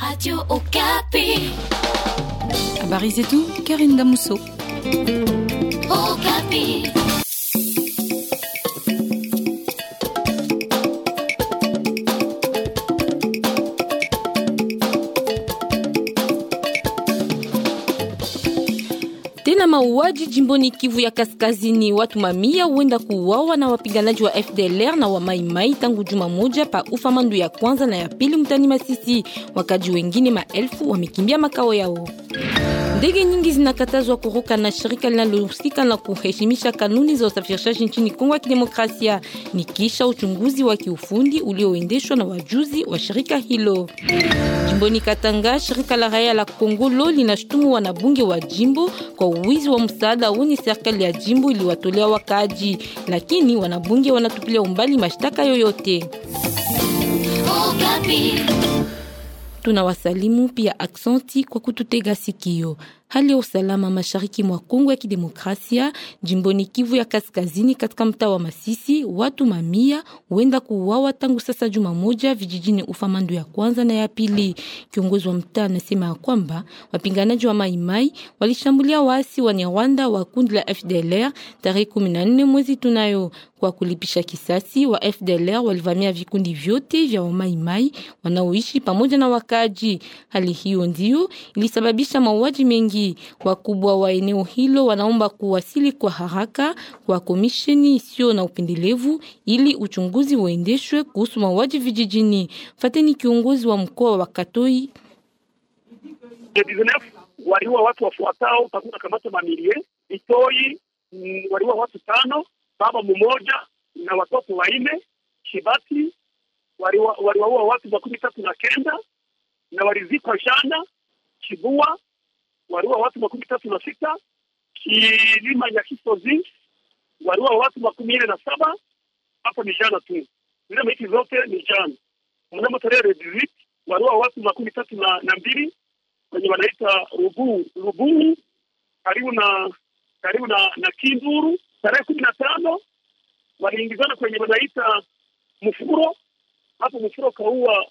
Radio Okapi. et tout, Karine Damousseau. Okapi. mauaji jimboni Kivu ya Kaskazini, watu mamia huenda kuuawa na wapiganaji wa FDLR na wa Maimai tangu juma moja pa ufa mandu ya kwanza na ya pili mtani Masisi. Wakaji wengine maelfu wamekimbia makao yao. Ndege nyingi zinakatazwa kuruka na shirika linalohusika na kuheshimisha kanuni za usafirishaji nchini Kongo ya Kidemokrasia. Ni kisha uchunguzi wa kiufundi ulioendeshwa na wajuzi wa shirika hilo. Jimboni Katanga, shirika la raia la Kongolo linashutumu wanabunge wa jimbo kwa uwizi wa msaada uni serikali ya jimbo iliwatolea wakaaji, lakini wanabunge wanatupilia umbali mashtaka yoyote. Tunawasalimu pia aksenti kwa kututega sikio hali ya usalama mashariki mwa Kongo ya Kidemokrasia, jimboni Kivu ya Kaskazini, katika mtaa wa Masisi, watu mamia huenda kuuawa tangu sasa juma moja vijijini Ufamandu ya kwanza na ya pili. Kiongozi wa mtaa anasema ya kwamba wapiganaji wa Maimai walishambulia waasi wa Nyarwanda wa kundi la FDLR tarehe 14 mwezi tunayo. Kwa kulipisha kisasi, wa FDLR walivamia vikundi vyote vya Wamaimai wanaoishi pamoja na wakaaji. Hali hiyo ndiyo ilisababisha mauaji mengi nyingi. Wakubwa wa eneo hilo wanaomba kuwasili kwa haraka kwa komisheni isiyo na upendelevu ili uchunguzi uendeshwe kuhusu mauaji vijijini. Fateni kiongozi wa mkoa wa Katoi waliua watu wafuatao Kakuna Kamata Mamilie Vitoi, mm, waliua watu tano, baba mmoja na watoto wanne. Shibati waliwaua watu makumi tatu na kenda na walizikwa jana. Chibua waliua watu makumi tatu na sita kilima ya Kisozi waliua watu makumi nne na saba hapo ni jana tu, zile maiti zote ni jana. Mnamo tarehe dizit waliua watu makumi tatu na, na mbili kwenye wanaita ruguu ruguu karibu na karibu na, na Kinduru. Tarehe kumi na tano waliingizana kwenye wanaita Mfuro, hapo Mfuro kaua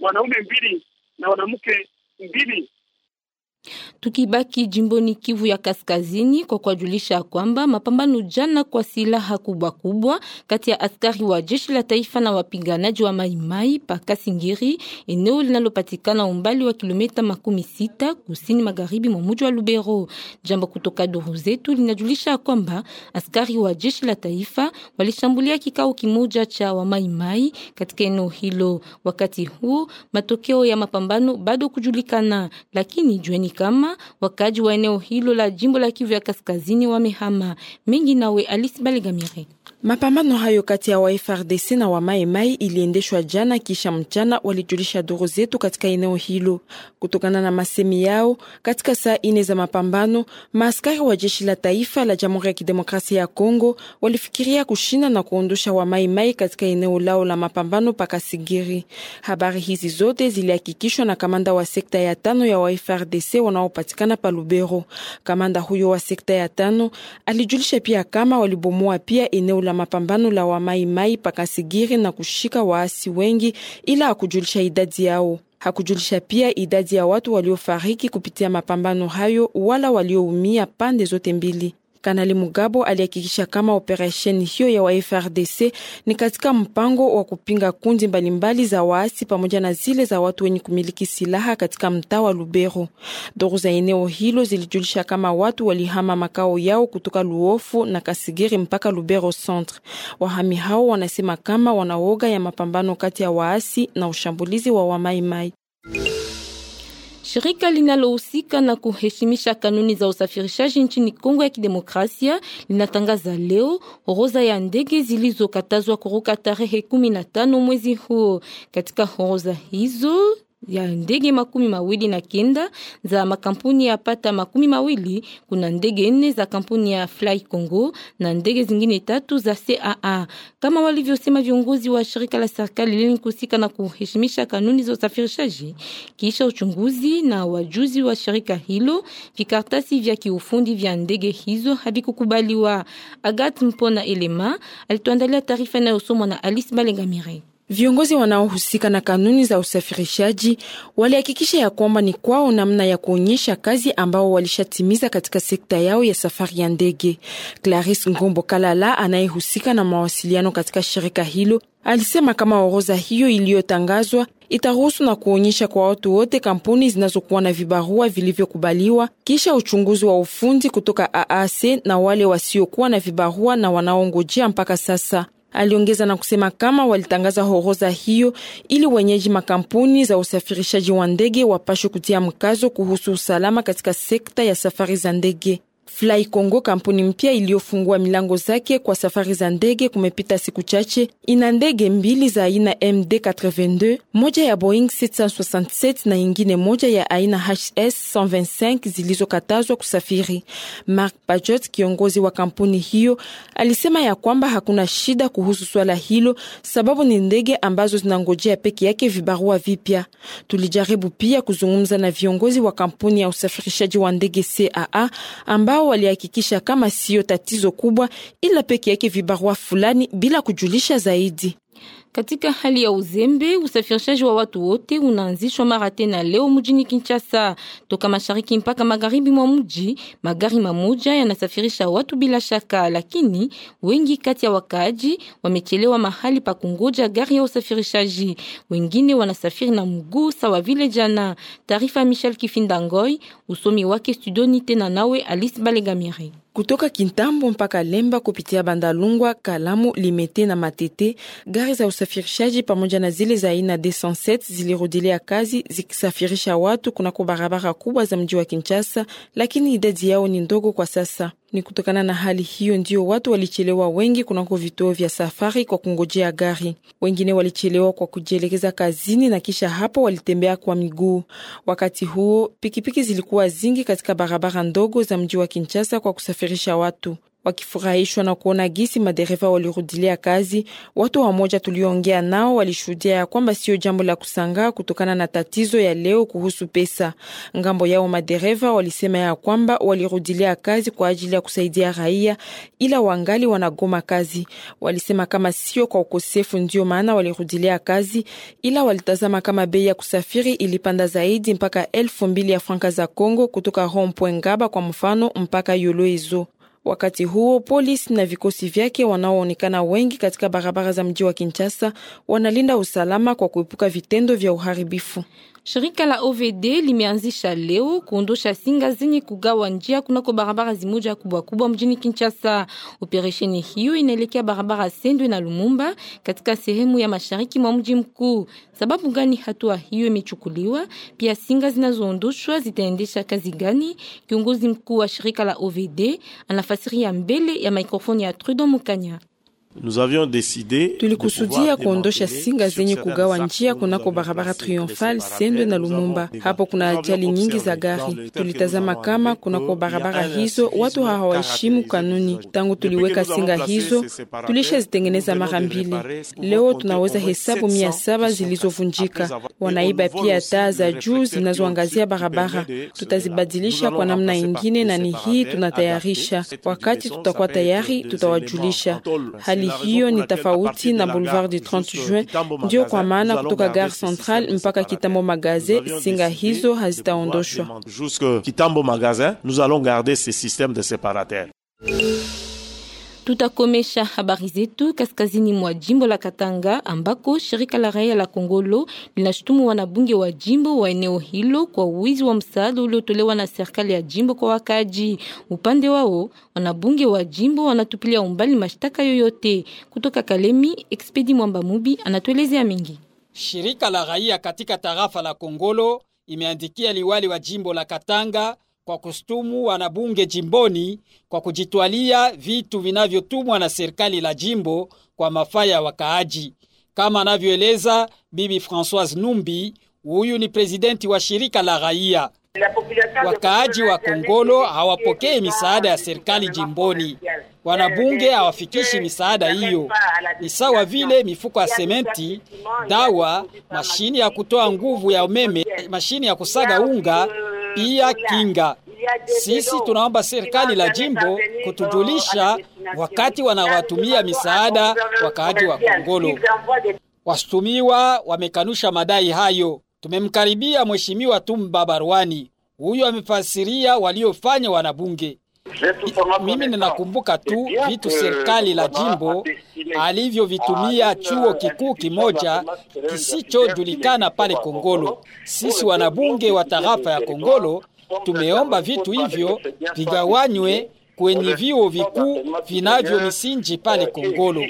wanaume mbili na wanamke mbili Tukibaki jimboni Kivu ya Kaskazini kwa kuwajulisha ya kwamba mapambano jana kwa silaha kubwa kubwa kati ya askari wa jeshi la taifa na wapiganaji wa Maimai pa Kasingiri, eneo linalopatikana umbali wa kilomita makumi sita kusini magharibi mwa mji wa Lubero. Jambo kutoka duru zetu linajulisha ya kwamba askari wa jeshi la taifa walishambulia kikao kimoja cha Wamaimai katika eneo hilo. Wakati huo matokeo ya mapambano bado kujulikana, lakini jueni kama Goma, wakaji wa eneo hilo la jimbo la Kivu ya Kaskazini wamehama mengi. Nawe Alice Baligamire. Mapambano hayo kati ya wa FRDC na wa Maimai iliendeshwa jana kisha mchana, walijulisha duru zetu katika eneo hilo. Kutokana na masemi yao, katika saa ine za mapambano, maaskari wa jeshi la taifa la Jamhuri ya Kidemokrasia ya Kongo walifikiria kushinda na kuondosha wa Maimai katika eneo lao la mapambano paka Sigiri. Habari hizi zote zilihakikishwa na kamanda wa sekta ya tano ya wa FRDC wanaopatikana pa Lubero. Kamanda huyo wa sekta ya tano alijulisha pia kama walibomoa pia eneo la mapambano la Wamaimai pakasigiri na kushika waasi wengi, ila akujulisha idadi yao. Hakujulisha pia idadi ya watu waliofariki kupitia mapambano hayo wala walioumia pande zote mbili. Kanali Mugabo alihakikisha kama operesheni hiyo ya wafrdc ni katika mpango wa kupinga kundi mbalimbali za waasi pamoja na zile za watu wenye kumiliki silaha katika mtaa wa Lubero. Dhoru za eneo hilo zilijulisha kama watu walihama makao yao kutoka Luofu na Kasigiri mpaka Lubero Centre. Wahami hao wanasema kama wanaoga ya mapambano kati ya waasi na ushambulizi wa Wamaimai. Shirika linalohusika na kuheshimisha kanuni za usafirishaji nchini Kongo ya Kidemokrasia linatangaza leo horoza ya ndege zilizokatazwa kuruka tarehe 15 mwezi huo. Katika horoza hizo ya ndege makumi mawili na kenda za makampuni ya pata makumi mawili. Kuna ndege nne za kampuni ya Fly Congo na ndege zingine tatu za CAA, kama walivyosema viongozi wa shirika la serikali lenye kuhusika na kuheshimisha kanuni za usafirishaji. Kisha uchunguzi na wajuzi wa shirika hilo, vikartasi vya kiufundi vya ndege hizo havikukubaliwa. Agat Mpona Elema alituandalia taarifa inayosomwa na Alice Malengamire. Viongozi wanaohusika na kanuni za usafirishaji walihakikisha ya kwamba ni kwao namna ya kuonyesha kazi ambao walishatimiza katika sekta yao ya safari ya ndege. Claris Ngombo Kalala anayehusika na mawasiliano katika shirika hilo alisema kama orodha hiyo iliyotangazwa itaruhusu na kuonyesha kwa watu wote kampuni zinazokuwa na vibarua vilivyokubaliwa kisha uchunguzi wa ufundi kutoka AAC na wale wasiokuwa na vibarua na wanaongojea mpaka sasa. Aliongeza na kusema kama walitangaza horoza hiyo ili wenyeji makampuni za usafirishaji wa ndege wapashwe kutia mkazo kuhusu usalama katika sekta ya safari za ndege. Fly Congo, kampuni mpya iliyofungua milango zake kwa safari za ndege kumepita siku chache, ina ndege mbili za aina MD82, moja ya Boeing 767 na ingine moja ya aina HS125 zilizokatazwa kusafiri. Mark Pajot, kiongozi wa kampuni hiyo, alisema ya kwamba hakuna shida kuhusu swala hilo, sababu ni ndege ambazo zinangojea peke yake vibarua vipya. Tulijaribu pia kuzungumza na viongozi wa kampuni ya usafirishaji wa ndege CAA amba ambao walihakikisha kama siyo tatizo kubwa, ila peke yake vibarua fulani bila kujulisha zaidi. Katika hali ya uzembe, usafirishaji wa watu wote unaanzishwa mara tena leo mjini Kinshasa. Toka mashariki mpaka magharibi mwa mji, magari mamoja yanasafirisha watu bila shaka, lakini wengi kati ya wakaaji wamechelewa mahali pa kungoja gari ya usafirishaji. Wengine wanasafiri na mguu sawa vile jana. Taarifa ya Michel Kifindangoi, usomi wake studioni tena nawe Alice Balegamire. Kutoka Kintambo mpaka Lemba kupitia Bandalungwa, Kalamu, Limete na Matete, gari za usafirishaji pamoja na zile za aina D107 zilirudilia kazi zikisafirisha watu kunako barabara kubwa za mji wa Kinshasa, lakini idadi yao ni ndogo kwa sasa. Ni kutokana na hali hiyo ndio watu walichelewa wengi kunako vituo vya safari kwa kungojea gari. Wengine walichelewa kwa kujielekeza kazini na kisha hapo walitembea kwa miguu. Wakati huo pikipiki zilikuwa zingi katika barabara ndogo za mji wa Kinshasa kwa kusafirisha watu wakifurahishwa na kuona gisi madereva walirudilia kazi. Watu wamoja tuliongea nao walishuhudia ya kwamba sio jambo la kusangaa kutokana na tatizo ya leo kuhusu pesa. Ngambo yao madereva walisema ya kwamba walirudilia kazi kwa ajili ya kusaidia raia, ila wangali wanagoma kazi. Walisema kama sio kwa ukosefu ndio maana walirudilia kazi, ila walitazama kama bei ya kusafiri ilipanda zaidi mpaka elfu mbili ya franka za Congo kutoka rond Ngaba kwa mfano mpaka Yolo Wakati huo polisi na vikosi vyake wanaoonekana wengi katika barabara za mji wa Kinshasa wanalinda usalama kwa kuepuka vitendo vya uharibifu. Shirika la OVD limeanzisha leo kuondosha singa zenye kugawa njia kunako barabara zimoja kubwa kubwa mjini Kinshasa. Operesheni hiyo inaelekea barabara Sendwe na Lumumba katika sehemu ya mashariki mwa mji mkuu. Sababu gani hatua hiyo imechukuliwa? Pia singa zinazoondoshwa zitaendesha kazi gani? Kiongozi mkuu wa shirika la OVD anafasiria mbele ya mikrofoni ya Trudeau Mukanya. Tulikusudia kuondosha singa zenye kugawa njia kunako barabara Triomfal Sendwe na Lumumba. Hapo kuna ajali nyingi za gari. Tulitazama kama kunako barabara hizo watu hawaheshimu kanuni. Tangu tuliweka singa hizo, tulishazitengeneza mara mbili. Leo tunaweza hesabu mia saba zilizovunjika. Wanaiba pia taa za juu zinazoangazia barabara. Tutazibadilisha kwa namna ingine, na ni hii tunatayarisha. Wakati tutakuwa tayari, tutawajulisha hali Ni hiyo ni tofauti na Boulevard du 30 Juin. Ndio kwa maana kutoka Gare Centrale mpaka Kitambo Magasin singa hizo hazitaondoshwa. Jusque Kitambo Magasin, nous allons garder ce système de séparataires. Tutakomesha habari zetu kaskazini mwa jimbo la Katanga ambako shirika la raia la Kongolo linashutumu wanabunge wa jimbo wa eneo hilo kwa wizi wa msaada uliotolewa na serikali ya jimbo kwa wakaji. Upande wao wanabunge wa jimbo wanatupilia umbali mashtaka yoyote. Kutoka Kalemi, Expedi Mwamba Mubi anatuelezea mengi. Shirika la raia katika tarafa la Kongolo imeandikia liwali wa jimbo la Katanga kwa kustumu wanabunge jimboni kwa kujitwalia vitu vinavyotumwa na serikali la jimbo kwa mafaa ya wakaaji, kama anavyoeleza Bibi Francoise Numbi. Huyu ni prezidenti wa shirika la raia. Wakaaji wa Kongolo hawapokei misaada ya serikali jimboni, wanabunge hawafikishi misaada hiyo. Ni sawa vile mifuko ya sementi, dawa, mashini ya kutoa nguvu ya umeme, mashini ya kusaga unga pia kinga. Sisi tunaomba serikali la jimbo kutujulisha wakati wanawatumia misaada wakaaji wa Kongolo. Washtumiwa wamekanusha madai hayo. Tumemkaribia mheshimiwa Tumba Barwani, huyo amefasiria waliofanya wanabunge mimi ninakumbuka tu vitu eh, serikali la jimbo alivyovitumia chuo kikuu kimoja kisichojulikana pale Kongolo. Sisi wanabunge wa tarafa ya Kongolo tumeomba vitu hivyo vigawanywe kwenye vyuo vikuu vinavyo misinji pale Kongolo.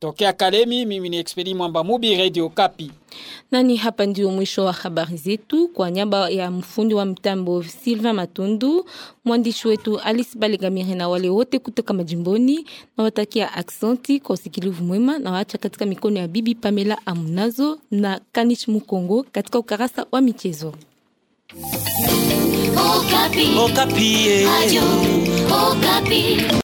Tokea Kalemi, mimi ni Expedi Mwamba Mubi, Radio Kapi. Nani hapa ndio mwisho wa habari zetu kwa nyamba ya mfundi wa mtambo Silva Matundu, mwandishi wetu Alice Baligamire na wale wote kutoka majimboni, na watakia aksenti kwa usikilivu mwema, na waacha katika mikono ya bibi Pamela Amunazo na Kanish Mukongo katika ukarasa wa michezo. Okapi. Okapi, eh. Ayu, Okapi.